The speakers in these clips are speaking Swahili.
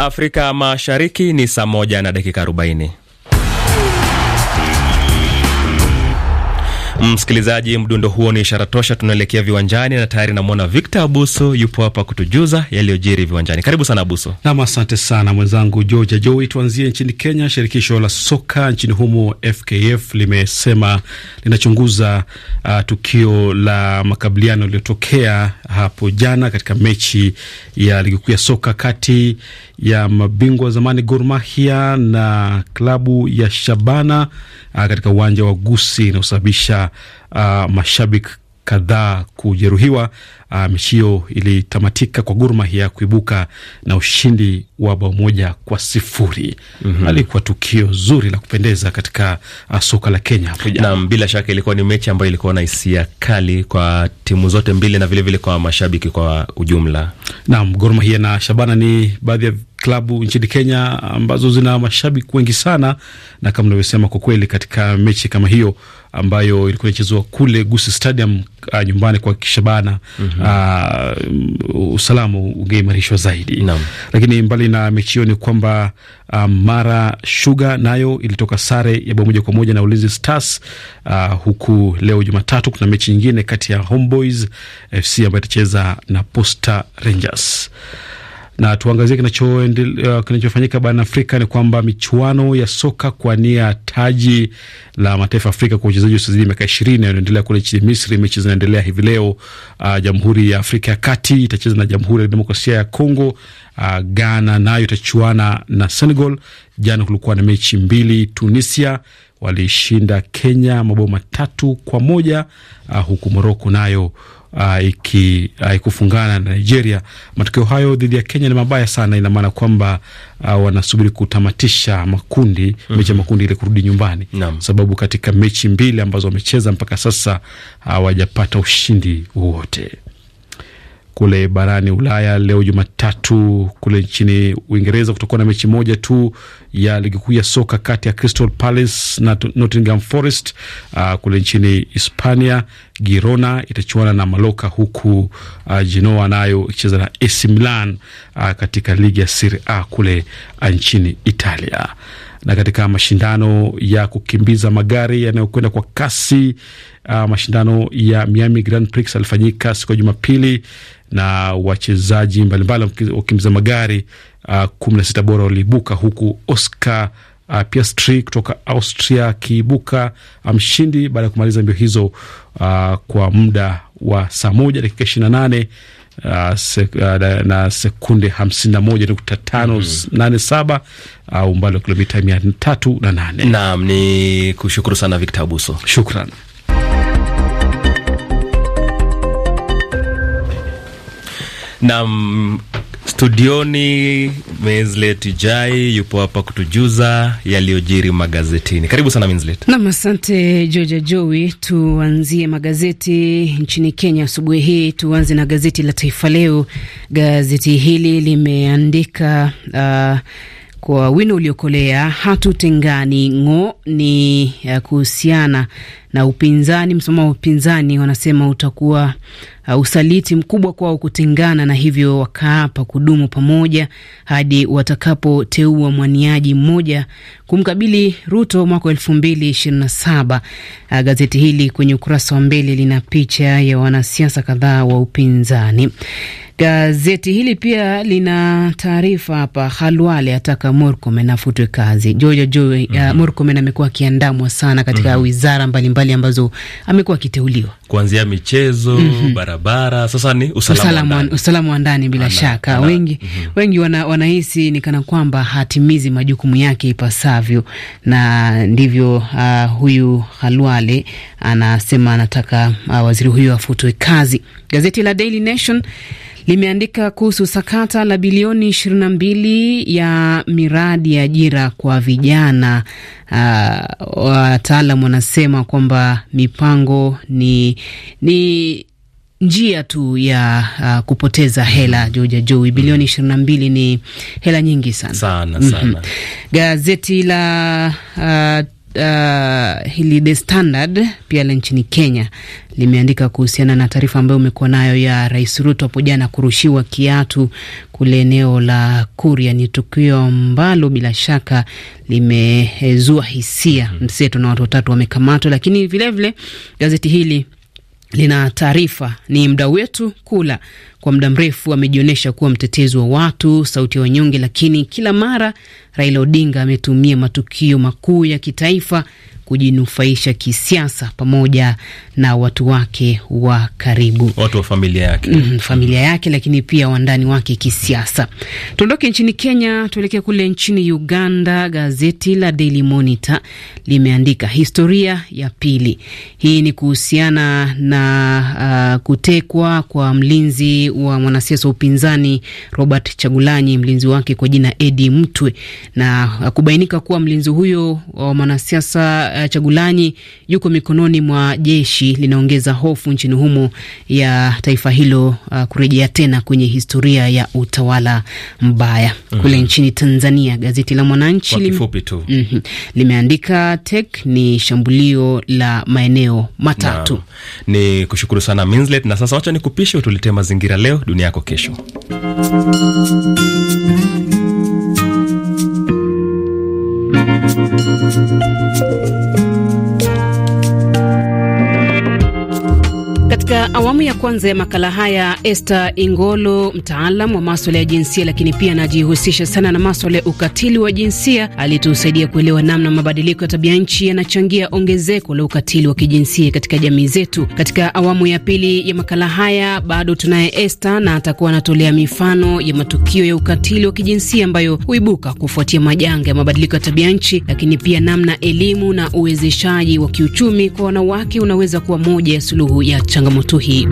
Afrika Mashariki ni saa moja na dakika arobaini. Msikilizaji, mdundo huo ni ishara tosha, tunaelekea viwanjani na tayari namwona Victor Abuso yupo hapa kutujuza yaliyojiri viwanjani. Karibu sana Abuso. Nam, asante sana mwenzangu Georgia Joi. Tuanzie nchini Kenya. Shirikisho la soka nchini humo FKF limesema linachunguza uh, tukio la makabiliano yaliyotokea hapo jana katika mechi ya ligi kuu ya soka kati ya mabingwa wa zamani Gor Mahia na klabu ya Shabana uh, katika uwanja wa Gusi inayosababisha uh, mashabiki kadhaa kujeruhiwa. Uh, mechi hiyo ilitamatika kwa Gor Mahia kuibuka na ushindi wa bao moja kwa sifuri. mm -hmm. Alikuwa tukio zuri la kupendeza katika uh, soka la Kenya hapo jana. Naam, bila shaka ilikuwa ni mechi ambayo ilikuwa na hisia kali kwa timu zote mbili na vilevile vile kwa mashabiki kwa ujumla. Naam, Gor Mahia na Shabana ni baadhi ya klabu nchini Kenya ambazo zina mashabiki wengi sana, na kama unavyosema, kwa kweli katika mechi kama hiyo ambayo ilikuwa inachezwa kule Gusii Stadium a, ah, nyumbani kwa Kishabana mhm. ah, mm -hmm. usalama ungeimarishwa zaidi Naam. Lakini mbali na mechi hiyo ni kwamba Um, Mara Shuga nayo ilitoka sare ya bao moja kwa moja na Ulinzi Stars. Uh, huku leo Jumatatu kuna mechi nyingine kati ya Homeboys FC ambayo itacheza na Posta Rangers na tuangazie uh, kinachofanyika uh, barani Afrika ni kwamba michuano ya soka kwa nia taji la mataifa Afrika kwa uchezaji usiozidi miaka ishirini yanaendelea kule nchini Misri. Mechi zinaendelea hivi leo. Uh, Jamhuri ya Afrika ya Kati itacheza na Jamhuri ya Demokrasia ya Kongo Uh, Ghana nayo itachuana na Senegal. Jana kulikuwa na mechi mbili. Tunisia walishinda Kenya mabao matatu kwa moja uh, huku Moroko nayo uh, ikufungana uh, na Nigeria. Matokeo hayo dhidi ya Kenya ni mabaya sana, ina maana kwamba uh, wanasubiri kutamatisha makundi mm -hmm. mechi ya makundi ili kurudi nyumbani sababu katika mechi mbili ambazo wamecheza mpaka sasa hawajapata uh, ushindi wowote kule barani Ulaya leo Jumatatu. Kule nchini Uingereza kutakuwa na mechi moja tu ya ligi kuu ya soka kati ya Crystal Palace na Nottingham Forest. Uh, kule nchini Hispania Girona itachuana na Maloka, huku uh, Genoa nayo ikicheza na AC Milan uh, katika ligi ya Serie A kule nchini Italia na katika mashindano ya kukimbiza magari yanayokwenda kwa kasi uh, mashindano ya Miami Grand Prix alifanyika siku ya Jumapili na wachezaji mbalimbali wakimbiza magari uh, kumi na sita bora waliibuka huku Oscar uh, Piastri kutoka Austria akiibuka uh, mshindi um, baada ya kumaliza mbio hizo uh, kwa muda wa saa moja dakika ishirini na nane Uh, sek, uh, na sekunde hamsini na moja nukta tano mm -hmm. nane saba uh, umbali wa kilomita mia tatu na nane. Naam, ni kushukuru sana Victor Abuso, shukran. na studioni Minslet jai yupo hapa kutujuza yaliyojiri magazetini. Karibu sana Minslet. Nam, asante joja Jowi. Tuanzie magazeti nchini Kenya asubuhi hii. Tuanze na gazeti la Taifa Leo. Gazeti hili limeandika uh, kwa wino uliokolea hatutengani ng'o ni uh, kuhusiana na upinzani, msimamo wa upinzani wanasema utakuwa uh, usaliti mkubwa kwao kutengana, na hivyo wakaapa kudumu pamoja hadi watakapoteua mwaniaji mmoja kumkabili Ruto mwaka wa elfu mbili ishirini na saba. Uh, gazeti hili kwenye ukurasa wa mbele lina picha ya wanasiasa kadhaa wa upinzani. Gazeti hili pia lina taarifa hapa, Khalwale ataka Murkomen afutwe kazi. Jojo Joe, mm -hmm. uh, Murkomen mhm. amekuwa akiandamwa sana katika mm -hmm. wizara mbalimbali mbalimbali ambazo amekuwa akiteuliwa kuanzia michezo mm -hmm. barabara. Sasa ni usalama wa ndani bila ana, shaka ana. wengi mm -hmm. wengi wana, wanahisi ni kana kwamba hatimizi majukumu yake ipasavyo, na ndivyo uh, huyu halwale anasema anataka uh, waziri huyo afutwe kazi. Gazeti la Daily Nation limeandika kuhusu sakata la bilioni 22 ya miradi ya ajira kwa vijana. Uh, wataalam wanasema kwamba mipango ni, ni njia tu ya uh, kupoteza hela Joja Joi, mm-hmm. bilioni ishirini na mbili ni hela nyingi sana sana, mm -hmm. sana. Gazeti la uh, uh, hili The Standard pia la nchini Kenya limeandika kuhusiana na taarifa ambayo umekuwa nayo ya Rais Ruto hapo jana kurushiwa kiatu kule eneo la Kuria. Ni tukio ambalo bila shaka limezua hisia mhm. mseto na watu watatu wamekamatwa, lakini vilevile vile, gazeti hili lina taarifa ni mdau wetu Kula kwa muda mrefu amejionyesha kuwa mtetezi wa watu, sauti ya wanyonge, lakini kila mara Raila Odinga ametumia matukio makuu ya kitaifa kujinufaisha kisiasa pamoja na watu wake wa karibu, watu wa familia yake, mm, familia mm-hmm. yake, lakini pia wandani wake kisiasa. Tuondoke nchini Kenya, tuelekee kule nchini Uganda. Gazeti la Daily Monitor limeandika historia ya pili. Hii ni kuhusiana na uh, kutekwa kwa mlinzi wa mwanasiasa wa upinzani Robert Chagulanyi, mlinzi wake kwa jina Eddie Mtwe, na kubainika kuwa mlinzi huyo wa mwanasiasa Eh, Chagulanyi yuko mikononi mwa jeshi linaongeza hofu nchini humo ya taifa hilo uh, kurejea tena kwenye historia ya utawala mbaya mm. Kule nchini Tanzania gazeti la Mwananchi lim... mm -hmm, limeandika tek ni shambulio la maeneo matatu na, ni kushukuru sana Minslet, na sasa wacha nikupishe utuletee mazingira leo dunia yako kesho awamu ya kwanza ya makala haya, Esther Ingolo, mtaalam wa maswala ya jinsia, lakini pia anajihusisha sana na maswala ya ukatili wa jinsia, alitusaidia kuelewa namna mabadiliko ya tabia nchi yanachangia ongezeko la ukatili wa kijinsia katika jamii zetu. Katika awamu ya pili ya makala haya, bado tunaye Esther na atakuwa anatolea mifano ya matukio ya ukatili wa kijinsia ambayo huibuka kufuatia majanga ya mabadiliko ya tabia nchi, lakini pia namna elimu na uwezeshaji wa kiuchumi kwa wanawake unaweza kuwa moja ya suluhu ya changamoto hii.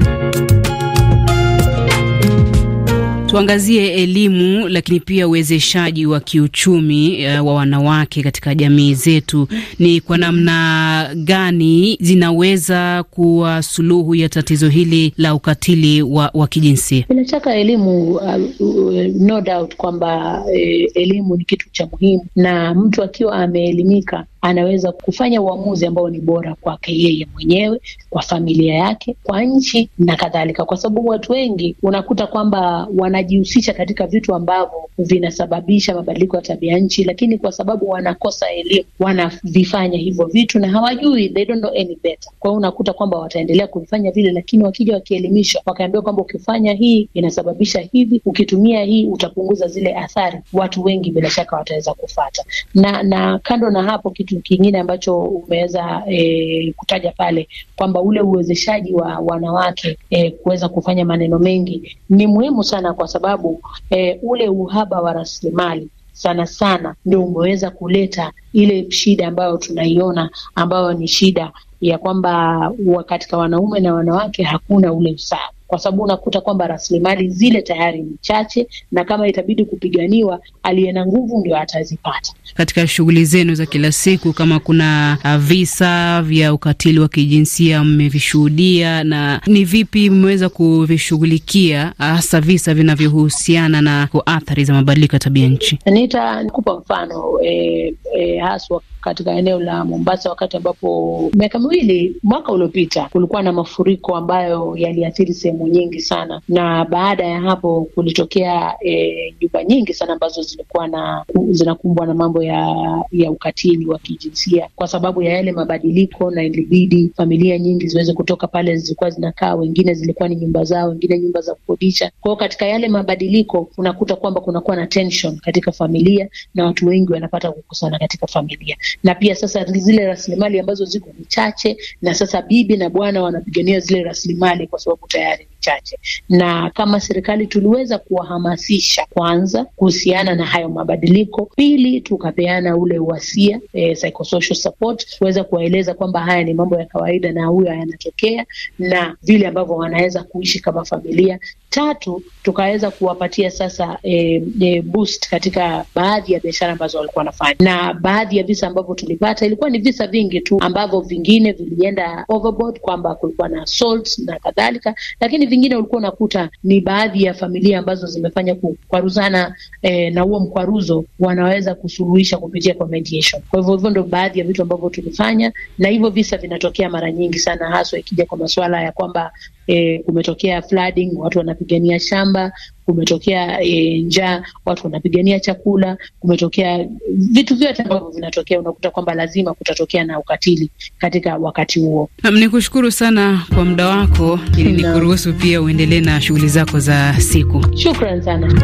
Tuangazie elimu lakini pia uwezeshaji wa kiuchumi uh, wa wanawake katika jamii zetu. Ni kwa namna gani zinaweza kuwa suluhu ya tatizo hili la ukatili wa, wa kijinsia? Bila shaka elimu, uh, uh, no doubt kwamba uh, elimu ni kitu cha muhimu, na mtu akiwa ameelimika anaweza kufanya uamuzi ambao ni bora kwake yeye mwenyewe, kwa familia yake, kwa nchi na kadhalika, kwa sababu watu wengi unakuta kwamba wanajihusisha katika vitu ambavyo vinasababisha mabadiliko ya tabia nchi, lakini kwa sababu wanakosa elimu wanavifanya hivyo vitu na hawajui, they don't know any better. Kwa hiyo unakuta kwamba wataendelea kuvifanya vile, lakini wakija wakielimishwa, wakaambiwa kwamba ukifanya hii inasababisha hivi, ukitumia hii utapunguza zile athari, watu wengi bila shaka wataweza kufata. Na na kando na hapo, kitu kingine ambacho umeweza e, kutaja pale kwamba ule uwezeshaji wa wanawake e, kuweza kufanya maneno mengi ni muhimu sana, kwa sababu e, ule uhaba uhaba wa rasilimali sana sana ndio umeweza kuleta ile shida ambayo tunaiona, ambayo ni shida ya kwamba katika wanaume na wanawake hakuna ule usawa kwa sababu unakuta kwamba rasilimali zile tayari ni chache, na kama itabidi kupiganiwa, aliye na nguvu ndio atazipata. Katika shughuli zenu za kila siku, kama kuna uh, visa vya ukatili wa kijinsia mmevishuhudia, na ni vipi mmeweza kuvishughulikia, uh, hasa visa vinavyohusiana na athari za mabadiliko ya tabia nchi? Nitakupa mfano e, e, haswa katika eneo la Mombasa wakati ambapo miaka miwili mwaka uliopita kulikuwa na mafuriko ambayo yaliathiri sehemu nyingi sana, na baada ya hapo kulitokea e, nyumba e, nyingi sana ambazo zilikuwa na zinakumbwa na mambo ya ya ukatili wa kijinsia kwa sababu ya yale mabadiliko, na ilibidi familia nyingi ziweze kutoka pale zilikuwa zinakaa, wengine zilikuwa ni nyumba zao, wengine nyumba za kukodisha. Kwa hiyo katika yale mabadiliko unakuta kwamba kunakuwa na tension katika familia na watu wengi wanapata kukusana katika familia, na pia sasa zile rasilimali ambazo ziko ni chache, na sasa bibi na bwana wanapigania zile rasilimali kwa sababu tayari machache, na kama serikali tuliweza kuwahamasisha kwanza kuhusiana na hayo mabadiliko, pili tukapeana ule uhasia e, psychosocial support, kuweza kuwaeleza kwamba haya ni mambo ya kawaida na huyo yanatokea na vile ambavyo wanaweza kuishi kama familia. Tatu, tukaweza kuwapatia sasa e, e, boost katika baadhi ya biashara ambazo walikuwa wanafanya, na baadhi ya visa ambavyo tulipata ilikuwa ni visa vingi tu ambavyo vingine vilienda overboard kwamba kulikuwa na assault na kadhalika, lakini vingine ulikuwa unakuta ni baadhi ya familia ambazo zimefanya kukwaruzana eh, na huo mkwaruzo wanaweza kusuluhisha kupitia kwa mediation. Kwa hivyo hivyo ndo baadhi ya vitu ambavyo tulifanya, na hivyo visa vinatokea mara nyingi sana, haswa ikija kwa masuala ya kwamba e, kumetokea flooding, watu wanapigania shamba, kumetokea e, njaa, watu wanapigania chakula, kumetokea vitu vyote ambavyo vinatokea, unakuta kwamba lazima kutatokea na ukatili katika wakati huo. Ni kushukuru sana kwa muda wako, ili nikuruhusu pia uendelee na shughuli zako za siku. Shukran sana.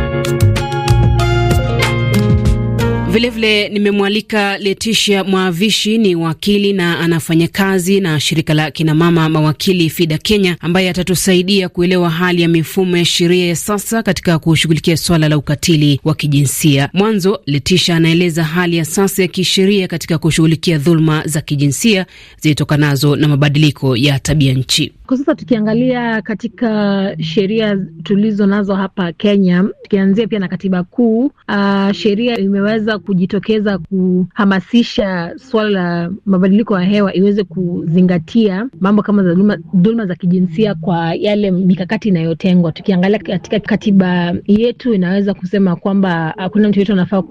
Vilevile nimemwalika letisha Mwavishi, ni wakili na anafanya kazi na shirika la kinamama mawakili FIDA Kenya, ambaye atatusaidia kuelewa hali ya mifumo ya sheria ya sasa katika kushughulikia swala la ukatili wa kijinsia. Mwanzo, letisha anaeleza hali ya sasa ya kisheria katika kushughulikia dhuluma za kijinsia zilitokanazo na mabadiliko ya tabia nchi. Kwa sasa tukiangalia katika sheria tulizo nazo hapa Kenya, tukianzia pia na katiba kuu, uh, sheria imeweza kujitokeza kuhamasisha swala la mabadiliko ya hewa iweze kuzingatia mambo kama za dhuluma, dhuluma za kijinsia kwa yale mikakati inayotengwa. Tukiangalia katika katiba yetu inaweza kusema kwamba hakuna mtu yetu anafaa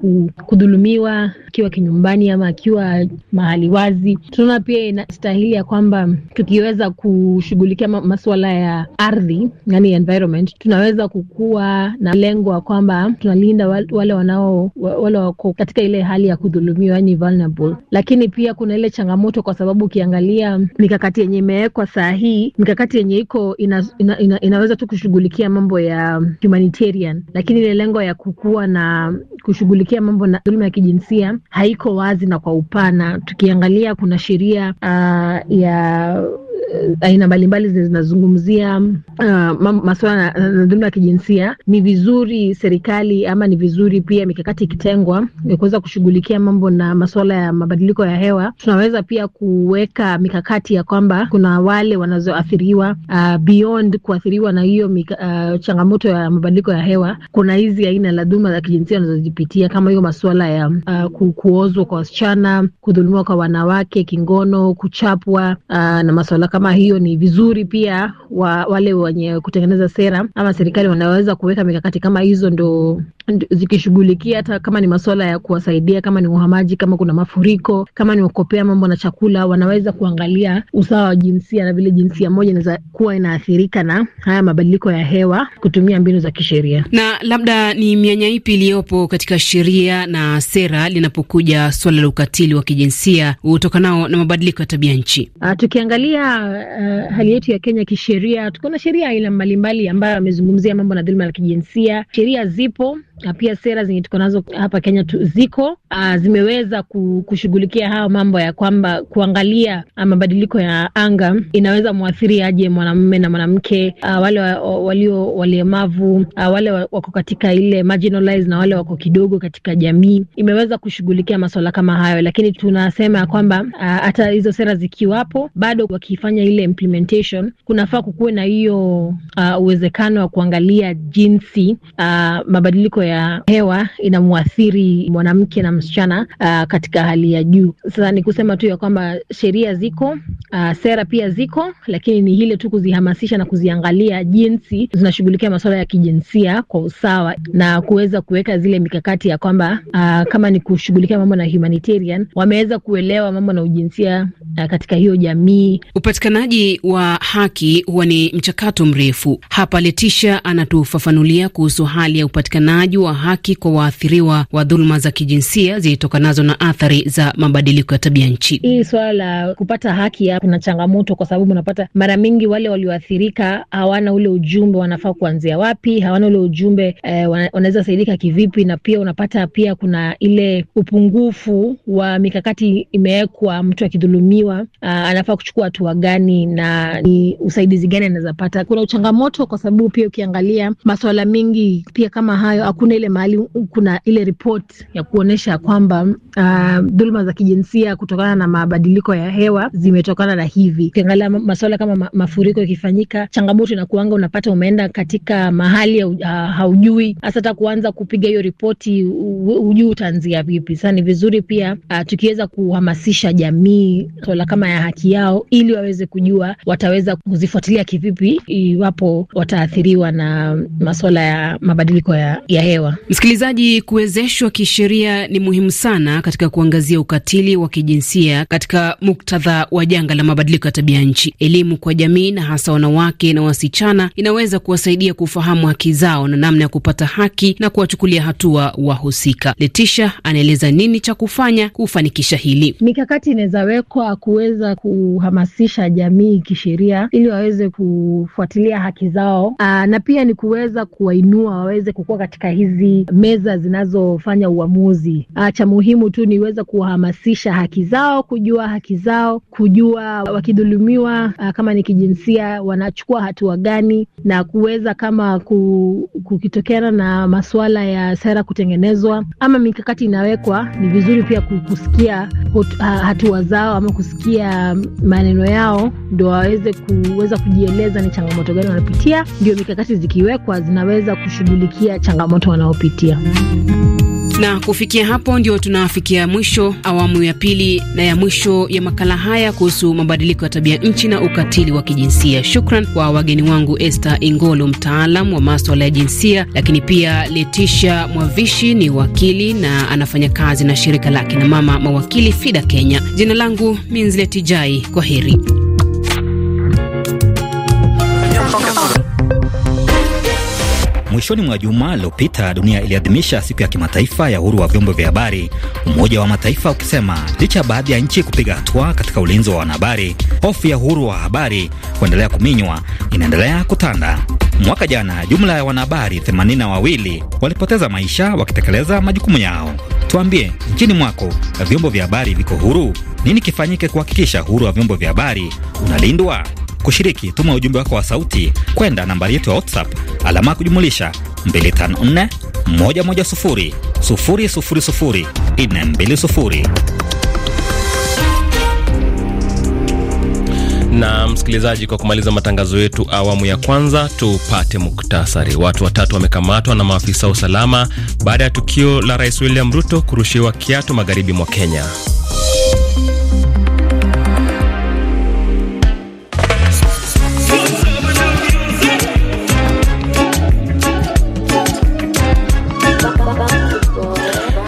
kudhulumiwa akiwa kinyumbani ama akiwa mahali wazi. Tunaona pia inastahili ya kwamba tukiweza kushughulikia masuala ya ardhi, yani environment, tunaweza kukua na lengo ya kwamba tunalinda wale wanao wale wako katika ile hali ya kudhulumiwa, yani vulnerable. Lakini pia kuna ile changamoto, kwa sababu ukiangalia mikakati yenye imewekwa saa hii, mikakati yenye iko ina, ina, ina, inaweza tu kushughulikia mambo ya humanitarian, lakini ile lengo ya kukua na kushughulikia mambo na dhuluma ya kijinsia haiko wazi na kwa upana. Tukiangalia kuna sheria uh, ya uh, aina mbalimbali zinazungumzia uh, masuala na dhuluma ya kijinsia. Ni vizuri serikali ama ni vizuri pia mikakati ikitengwa ya eh, kuweza kushughulikia mambo na masuala ya mabadiliko ya hewa, tunaweza pia kuweka mikakati ya kwamba kuna wale wanazoathiriwa uh, beyond kuathiriwa na hiyo uh, changamoto ya mabadiliko ya hewa, kuna hizi aina la dhuma za kijinsia wanazojipitia kama hiyo masuala ya uh, kuozwa kwa wasichana, kudhulumiwa kwa wanawake kingono, kuchapwa uh, na masuala kama hiyo. Ni vizuri pia wa, wale wenye kutengeneza sera ama serikali wanaweza kuweka mikakati kama hizo, ndo zikishughulikia hata kama ni masuala ya kuwasaidia, kama ni uhamaji, kama kuna mafuriko, kama ni kukopea mambo na chakula, wanaweza kuangalia usawa wa jinsia na vile jinsia moja inaweza kuwa inaathirika na haya mabadiliko ya hewa kutumia mbinu za kisheria. Na labda ni mianya ipi iliyopo katika sheria na sera linapokuja suala la ukatili wa kijinsia utokanao na mabadiliko ya tabia nchi? Uh, tukiangalia uh, hali yetu ya Kenya kisheria, tuko na sheria aina mbalimbali ambayo amezungumzia mambo na dhuluma la kijinsia. Sheria zipo na pia sera zenye tuko nazo hapa Kenya tu, ziko uh, zimeweza kushughulikia haya mambo ya kwamba kuangalia ah, mabadiliko ya anga inaweza mwathiri aje mwanamume na mwanamke, ah, wale walio walemavu, wale wako katika ile marginalized na wale wako kidogo katika jamii. Imeweza kushughulikia masuala kama hayo, lakini tunasema ya kwamba hata hizo sera zikiwapo, bado wakifanya ile implementation, kunafaa kukuwe na hiyo uwezekano wa kuangalia jinsi uh, mabadiliko ya hewa inamwathiri mwanamke na msichana uh, katika hali ya juu. Sasa ni kusema tu ya kwamba sheria ziko, uh, sera pia ziko, lakini ni ile tu kuzihamasisha na kuziangalia jinsi zinashughulikia masuala ya kijinsia kwa usawa na kuweza kuweka zile mikakati ya kwamba uh, kama ni kushughulikia mambo na humanitarian wameweza kuelewa mambo na ujinsia uh, katika hiyo jamii. Upatikanaji wa haki huwa ni mchakato mrefu. Hapa Letisha anatufafanulia kuhusu hali ya upatikanaji utoaji wa haki kwa waathiriwa wa dhuluma za kijinsia zilitokanazo na athari za mabadiliko ya tabia nchi. Hii swala la kupata haki ya kuna changamoto, kwa sababu unapata mara mingi wale walioathirika hawana ule ujumbe wanafaa kuanzia wapi, hawana ule ujumbe eh, wanaweza saidika kivipi, na pia unapata pia kuna ile upungufu wa mikakati imewekwa, mtu akidhulumiwa ah, anafaa kuchukua hatua gani na ni usaidizi gani anaweza pata. Kuna uchangamoto kwa sababu pia ukiangalia masuala mengi pia kama hayo kuna ile mahali kuna ile ripot ya kuonyesha kwamba uh, dhuluma za kijinsia kutokana na mabadiliko ya hewa zimetokana na hivi. Ukiangalia masuala kama ma, mafuriko ikifanyika, changamoto inakuanga unapata umeenda katika mahali uh, haujui hasa hata kuanza kupiga hiyo ripoti, hujui utaanzia vipi. Sasa ni vizuri pia uh, tukiweza kuhamasisha jamii swala kama ya haki yao, ili waweze kujua wataweza kuzifuatilia kivipi iwapo wataathiriwa na masuala ya mabadiliko ya, ya hewa hewa. Msikilizaji, kuwezeshwa kisheria ni muhimu sana katika kuangazia ukatili wa kijinsia katika muktadha wa janga la mabadiliko ya tabia nchi. Elimu kwa jamii na hasa wanawake na wasichana inaweza kuwasaidia kufahamu haki zao na namna ya kupata haki na kuwachukulia hatua wahusika. Letisha anaeleza nini cha kufanya kufanikisha hili. Mikakati inaweza wekwa kuweza kuhamasisha jamii kisheria ili waweze kufuatilia haki zao. Aa, na pia ni kuweza kuwainua waweze kukua katika hili hizi meza zinazofanya uamuzi. Ah, cha muhimu tu weza kuwahamasisha haki zao, kujua haki zao, kujua wakidhulumiwa ah, kama ni kijinsia wanachukua hatua gani, na kuweza kama kukitokeana na masuala ya sera kutengenezwa ama mikakati inawekwa, ni vizuri pia kusikia ah, hatua zao ama kusikia maneno yao, ndo waweze kuweza kujieleza ni changamoto gani wanapitia, ndio mikakati zikiwekwa zinaweza kushughulikia changamoto wanaopitia. Na kufikia hapo ndio tunafikia mwisho awamu ya pili na ya mwisho ya makala haya kuhusu mabadiliko ya tabia nchi na ukatili wa kijinsia. Shukran kwa wageni wangu Esther Ingolo, mtaalam wa maswala ya jinsia, lakini pia Letisha Mwavishi ni wakili na anafanya kazi na shirika la akinamama mawakili FIDA Kenya. Jina langu Minzletijai, kwa heri. Mwishoni mwa juma lililopita dunia iliadhimisha siku ya kimataifa ya uhuru wa vyombo vya habari, Umoja wa Mataifa ukisema licha ya baadhi ya nchi kupiga hatua katika ulinzi wa wanahabari, hofu ya uhuru wa habari kuendelea kuminywa inaendelea kutanda. Mwaka jana jumla ya wanahabari themanini na wawili walipoteza maisha wakitekeleza majukumu yao. Tuambie, nchini mwako vyombo vya habari viko huru? Nini kifanyike kuhakikisha uhuru wa vyombo vya habari unalindwa? Kushiriki, tuma ujumbe wako wa sauti kwenda nambari yetu ya WhatsApp alama ya kujumulisha 254 110 000 420. Na msikilizaji, kwa kumaliza matangazo yetu awamu ya kwanza, tupate muktasari. Watu watatu wamekamatwa na maafisa wa usalama baada ya tukio la Rais William Ruto kurushiwa kiatu magharibi mwa Kenya.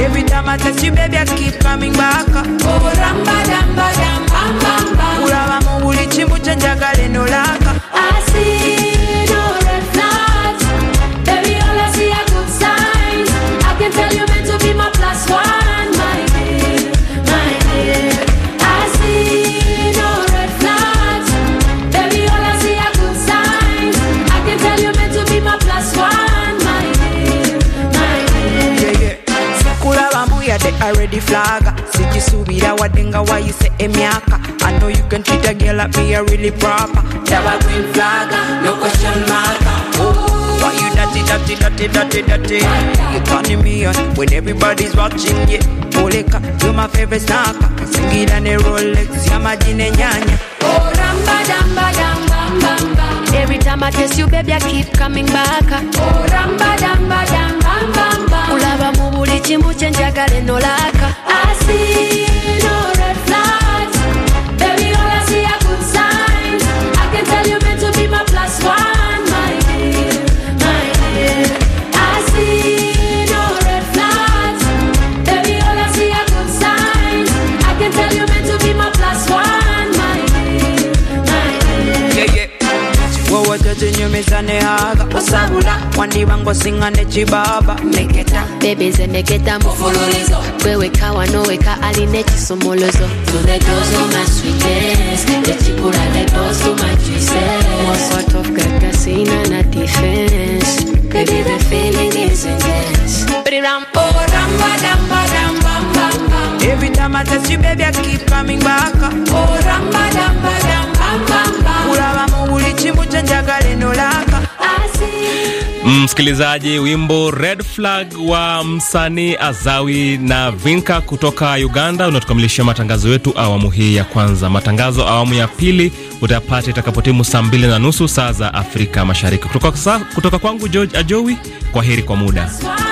Every time I touch you, baby, I keep coming back. Oh, ramba, ramba, badam, bam, bam, bam. Ula wa mungu lichimu chenjaga lenolaka. I see. already flag. Sijisuubira Why you say Emiaka? I know you can treat a girl like me, a really proper. Taba green flag, no question mark. Oh, why you dirty, dirty, dirty, dirty, dirty? You calling me on when everybody's watching you. Yeah. Oleka, you're my favorite snacker. Sing it on a Rolex, you're my gin and nyanya. Oh, ramba, damba, damba, bam, bam. Every time I kiss you, baby, I keep coming back. Oh, ramba, damba, damba, bam, bam. Ulaba chimbu I see no red flags Baby all I see are good signs I can tell you meant to be my plus one My dear, my dear I see no red flags Baby all I see are good signs I can tell you meant to be my plus one My dear, my dear Yeah, yeah wandi nechibaba Baby zemeketa mufululizo Kweweka wanoweka aline chisumuluzo Tunedozo Every time I touch you baby I keep coming back Oh ramba ramba ramba Msikilizaji, wimbo Red Flag wa msanii Azawi na Vinka kutoka Uganda unatukamilishia matangazo yetu awamu hii ya kwanza. Matangazo awamu ya pili utapata itakapotimu saa mbili na nusu saa za Afrika Mashariki. Kutoka, kutoka kwangu George Ajowi, kwa heri kwa muda.